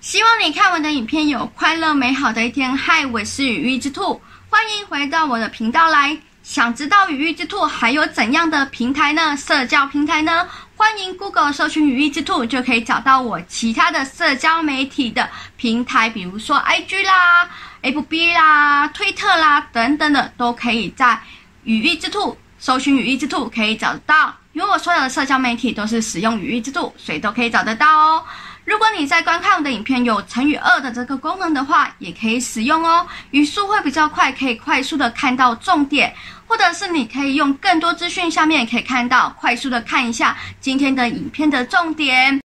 希望你看我的影片，有快樂美好的一天。嗨，我是羽翼之兔，歡迎回到我的頻道來。想知道羽翼之兔還有怎樣的平台呢？社交平台呢？歡迎 Google 搜尋羽翼之兔，就可以找到我其他的社交媒體的平台，比如說 IG 啦、FB 啦、推特啦等等的，都可以在羽翼之兔搜尋羽翼之兔可以找到。因為我所有的社交媒體都是使用羽翼之兔，誰都可以找得到哦。如果你在觀看我的影片有乘以二的這個功能的話，也可以使用哦，語速會比較快，可以快速的看到重點，或者是你可以用更多資訊，下面可以看到，快速的看一下今天的影片的重點。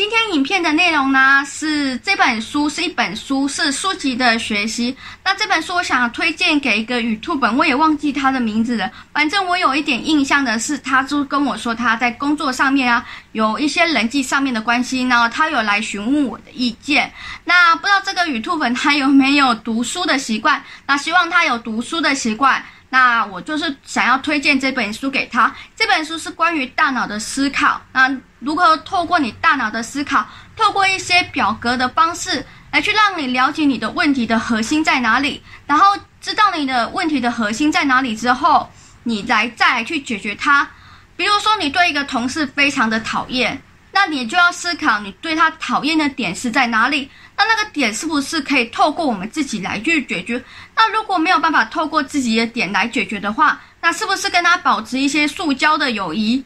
今天影片的內容呢，是這本書是一本書，是書籍的學習。那這本書我想推薦給一個羽兔本，我也忘記他的名字了。反正我有一點印象的是，他就跟我說他在工作上面啊，有一些人際上面的關係，然後他有來詢問我的意見。那不知道這個羽兔本，他有沒有讀書的習慣？那希望他有讀書的習慣。那我就是想要推薦這本書給他。這本書是關於大腦的思考。那如何透過你大腦的思考，透過一些表格的方式來去讓你了解你的問題的核心在哪裡？然後知道你的問題的核心在哪裡之後，你來再去解決它。比如說，你對一個同事非常的討厭。那你就要思考，你對他討厭的點是在哪裡？那那個點是不是可以透過我們自己來去解決？那如果沒有辦法透過自己的點來解決的話，那是不是跟他保持一些塑膠的友誼？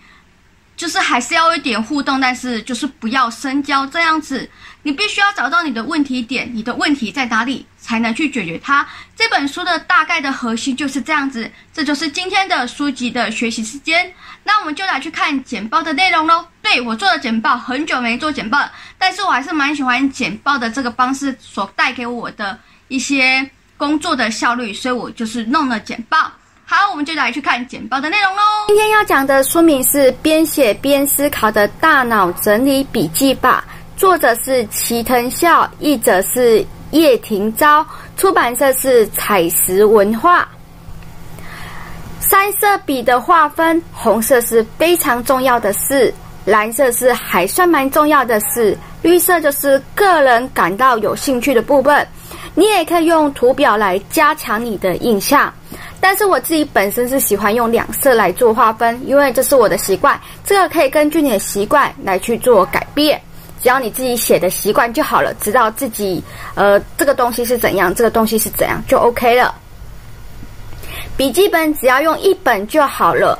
就是還是要一點互動，但是就是不要深交這樣子。你必須要找到你的問題點，你的問題在哪裡，才能去解決它。這本書的大概的核心就是這樣子。這就是今天的書籍的學習時間，那我們就來去看簡報的內容嘍。對，我做了簡報，很久沒做簡報，但是我還是蠻喜歡簡報的這個方式所帶給我的一些工作的效率，所以我就是弄了簡報。好，我們就來去看簡報的內容嘍。今天要講的書名是《邊寫邊思考的大腦整理筆記法》，作者是齊藤孝，譯者是葉廷昭，出版社是采實文化。三色筆的劃分：紅色是非常重要的事，藍色是還算蠻重要的事，綠色就是個人感到有興趣的部分。你也可以用圖表來加強你的印象。但是我自己本身是喜歡用兩色來做劃分，因為這是我的習慣。這個可以根據你的習慣來去做改變，只要你自己寫的習慣就好了。知道自己，呃，這個東西是怎樣，這個東西是怎樣就 OK 了。筆記本只要用一本就好了，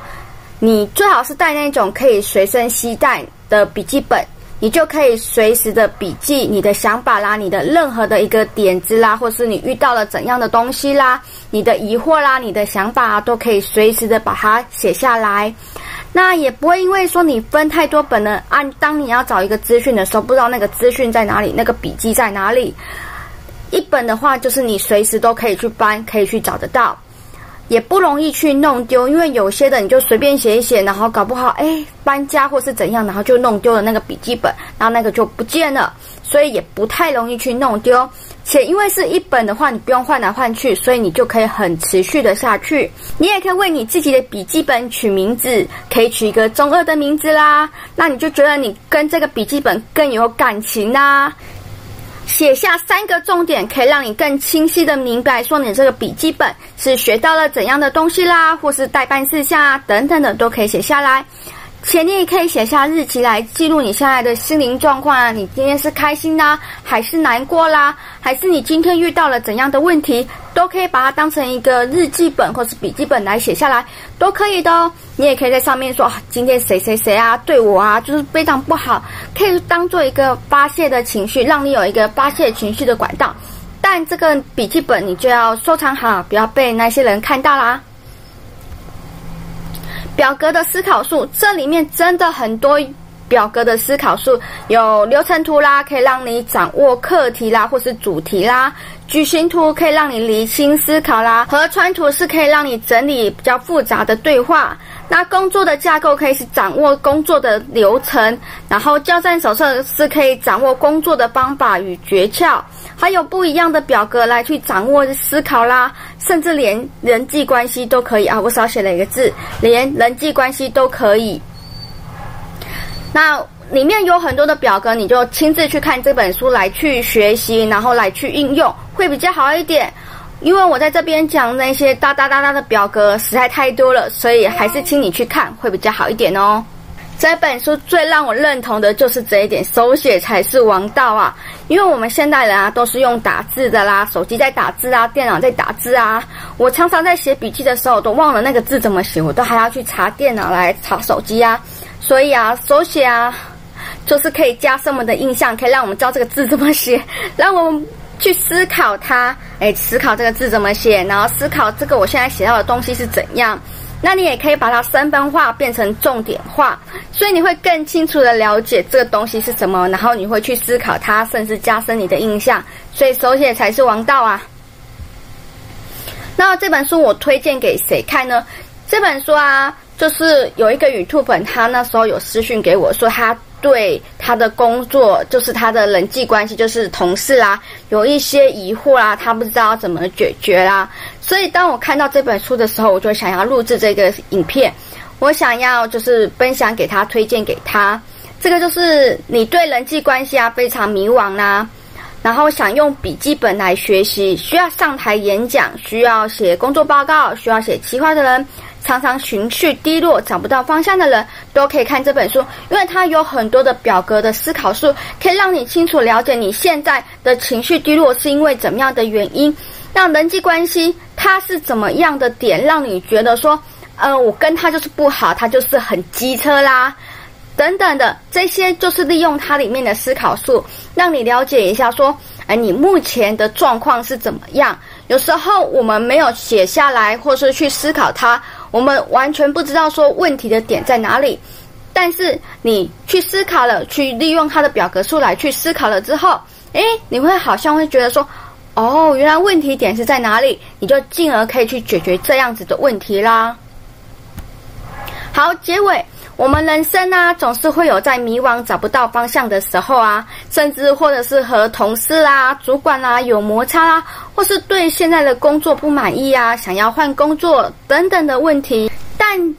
你最好是帶那種可以隨身攜帶的筆記本。你就可以隨時的筆記你的想法啦，你的任何的一個點子啦，或是你遇到了怎樣的東西啦，你的疑惑啦，你的想法啊，都可以隨時的把它寫下來。那也不會因為說你分太多本了啊，當你要找一個資訊的時候，不知道那個資訊在哪裡，那個筆記在哪裡，一本的話就是你隨時都可以去翻，可以去找得到。也不容易去弄丟，因為有些的你就隨便寫一寫，然後搞不好，誒，搬家或是怎樣，然後就弄丟了那個筆記本，然後那個就不見了，所以也不太容易去弄丟。且因為是一本的話，你不用換來換去，所以你就可以很持續的下去。你也可以為你自己的筆記本取名字，可以取一個中二的名字啦，那你就覺得你跟這個筆記本更有感情吶、啊。寫下三個重點，可以讓你更清晰地明白，說你這個筆記本是學到了怎樣的東西啦，或是待辦事項啊，等等的，都可以寫下來。前面也可以寫下日期來記錄你現在的心靈狀況啊，你今天是開心啦、啊，還是難過啦，還是你今天遇到了怎樣的問題，都可以把它當成一個日記本或是筆記本來寫下來，都可以的哦。你也可以在上面說今天誰誰誰啊，對我啊就是非常不好，可以當做一個發洩的情緒，讓你有一個發洩情緒的管道。但這個筆記本你就要收藏好，不要被那些人看到啦。表格的思考術，這裡面真的很多。表格的思考術有流程圖啦，可以讓你掌握課題啦或是主題啦；矩形圖可以讓你理清思考啦；和川圖是可以讓你整理比較複雜的對話。那工作的架構可以是掌握工作的流程，然後教戰手冊是可以掌握工作的方法與訣竅。還有不一樣的表格來去掌握思考啦，甚至連人際關係都可以啊！我少寫了一個字，連人際關係都可以。那裡面有很多的表格，你就親自去看這本書來去學習，然後來去應用會比較好一點。因為我在這邊講那些噠噠噠噠的表格實在太多了，所以還是請你去看會比較好一點哦。嗯、這本書最讓我認同的就是這一點，手寫才是王道啊！因為我們現代人啊都是用打字的啦，手機在打字啊，電腦在打字啊。我常常在寫筆記的時候，我都忘了那個字怎麼寫，我都還要去查電腦來查手機啊。所以啊，手寫啊，就是可以加深我們的印象，可以讓我們知道這個字怎麼寫，讓我們去思考它，誒、欸，思考這個字怎麼寫，然後思考這個我現在寫到的東西是怎樣。那你也可以把它三分化變成重點化，所以你會更清楚的了解這個東西是什麼，然後你會去思考它，甚至加深你的印象。所以手寫才是王道啊！那這本書我推薦給誰看呢？這本書啊。就是有一個羽兔粉，他那時候有私訊給我說，他對他的工作，就是他的人際關係，就是同事啦、啊，有一些疑惑啦、啊，他不知道要怎麼解決啦、啊。所以當我看到這本書的時候，我就想要錄製這個影片，我想要就是分享給他，推薦給他。這個就是你對人際關係啊非常迷惘啦、啊，然後想用筆記本來學習，需要上台演講，需要寫工作報告，需要寫企劃的人，常常情緒低落、找不到方向的人都可以看這本書，因為它有很多的表格的思考術，可以讓你清楚了解你現在的情緒低落是因為怎麼樣的原因，那人際關係它是怎麼樣的點，讓你覺得說，嗯、呃，我跟他就是不好，他就是很機車啦，等等的，這些就是利用它裡面的思考術，讓你了解一下說，哎、呃，你目前的狀況是怎麼樣？有時候我們沒有寫下來，或是去思考它。我們完全不知道說，問題的點在哪裡，但是你去思考了，去利用它的表格術，來去思考了之後，哎，你會好像會覺得說，哦，原來問題點是在哪裡，你就進而可以去解決這樣子的問題啦。好，結尾。我們人生啊，總是會有在迷惘、找不到方向的時候啊，甚至或者是和同事啊、主管啊有摩擦啊，或是對現在的工作不滿意啊，想要換工作等等的問題。但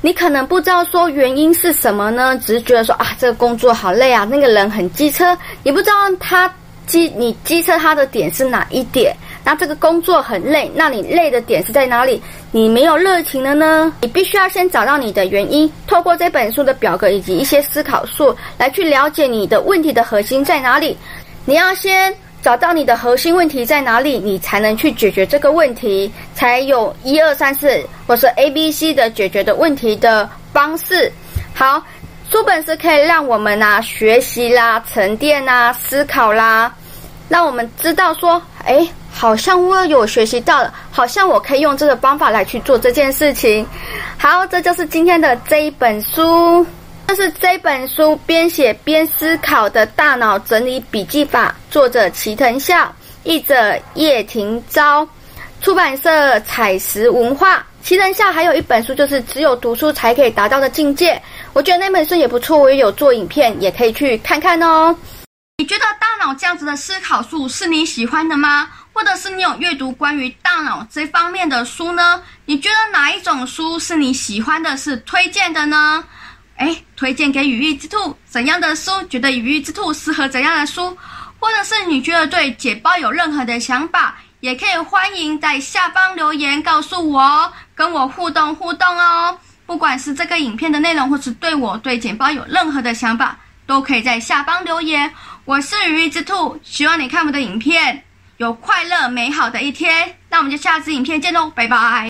你可能不知道說原因是什麼呢？只是覺得說啊，這個工作好累啊，那個人很機車，你不知道他機你機車他的點是哪一點。那這個工作很累，那你累的點是在哪裡？你沒有熱情了呢？你必須要先找到你的原因，透過這本書的表格以及一些思考術來去了解你的問題的核心在哪裡。你要先找到你的核心問題在哪裡，你才能去解決這個問題，才有一二三四或是 A B C 的解決的問題的方式。好，書本是可以讓我們啊學習啦、沉澱啦、思考啦，讓我們知道說，誒、欸。好像我有學習到了，好像我可以用這個方法來去做這件事情。好，這就是今天的這一本書，這是這一本書邊寫邊思考的大腦整理筆記法，作者齊藤孝，譯者葉廷昭，出版社采石文化。齊藤孝還有一本書就是只有讀書才可以達到的境界，我覺得那本書也不錯，我也有做影片，也可以去看看哦。你覺得大腦這樣子的思考術是你喜歡的嗎？或者是你有閱讀關於大腦這方面的書呢？你覺得哪一種書是你喜歡的、是推薦的呢？誒，推薦給羽翼之兔怎樣的書？覺得羽翼之兔適合怎樣的書？或者是你覺得對剪報有任何的想法，也可以歡迎在下方留言告訴我，跟我互動互動哦。不管是這個影片的內容，或是對我對剪報有任何的想法，都可以在下方留言。我是羽翼之兔，希望你看我的影片。有快樂美好的一天，那我們就下次影片見嘍，拜拜。